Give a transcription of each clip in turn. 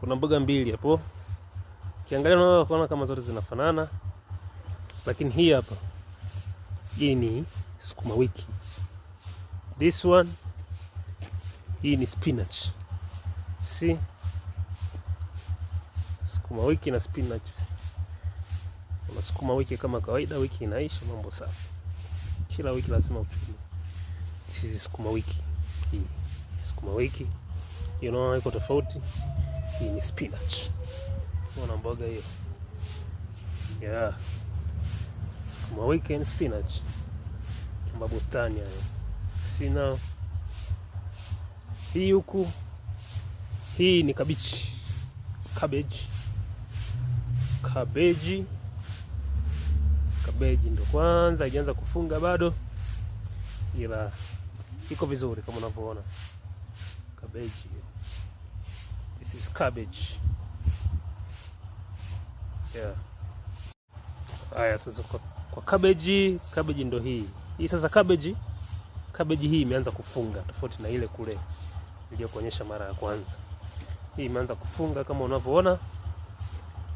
kuna mboga mbili hapo, ukiangalia unaweza kuona kama zote zinafanana, lakini hii hapa, hii ni sukuma wiki, this one, hii ni spinach. See, sukuma wiki na spinach. Kuna sukuma wiki kama kawaida, wiki inaisha, mambo safi. Kila wiki lazima uchumi. This is sukuma wiki hii, sukuma wiki, know, iko tofauti. Hii ni spinach. Ona mboga hiyo yeah. Sukuma wiki ni spinach bustani hayo sina. Hii huku hii ni kabichi, kabeji, kabeji, kabeji ndio kwanza ijaanza kufunga bado, ila iko vizuri kama unavyoona kabeji hiyo. This is cabbage. Yeah. Haya sasa kwa, kwa cabbage, cabbage ndo hii. Hii sasa cabbage, cabbage hii imeanza kufunga tofauti na ile kule niliyokuonyesha mara ya kwanza. Hii imeanza kufunga kama unavyoona.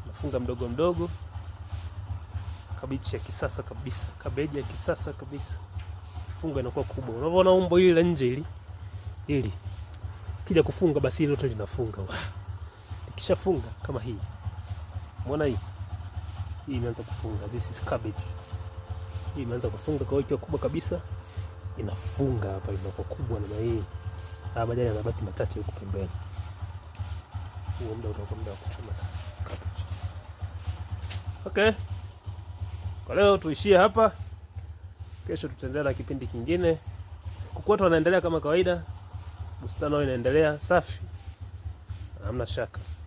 Nafunga mdogo mdogo. kabichi ya kisasa kabisa, kabeji ya kisasa kabisa. Funga inakuwa kubwa. Unavyoona umbo hili la nje hili. Hili kija kufunga basi hilo tu linafunga. Nikishafunga kama hii, umeona hii hii imeanza kufunga, this is cabbage. Hii imeanza kufunga, kwa hiyo kubwa kabisa inafunga hapa, inakuwa kubwa na hii na majani yanabaki machache huko pembeni. Huo muda utakuwa muda wa kuchoma cabbage. Okay, kwa leo tuishie hapa. Kesho tutaendelea na kipindi kingine. Kuku wetu wanaendelea kama kawaida bustani inaendelea safi, hamna shaka.